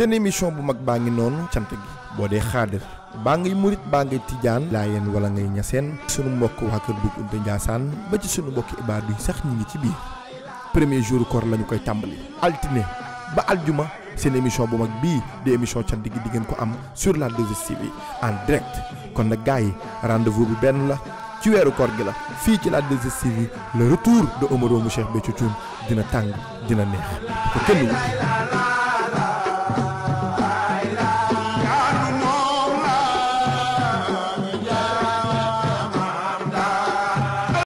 seen émission bu mag baa ngi noonu cant gi boo dee xaadir baa ngi murit baa ngi ngay tijaan laayeen wala ngay ñaseen sunu mbokk waa kër Bou Kounta Ndiassane ba ci sunu mbokk ibaadu yi sax ñu ngi ci biir premier jour koor la ñu koy tàmbali altine ba aljuma seen émission bu mag bii di émission cant gi di ngeen ko am sur la 2STV en direct kon nag gars yi rendez-vous bi benn la ci weeru koor gi la fii ci la 2STV le retour de Omaro mu Cheikh Béthio Thioune dina tàng dina neex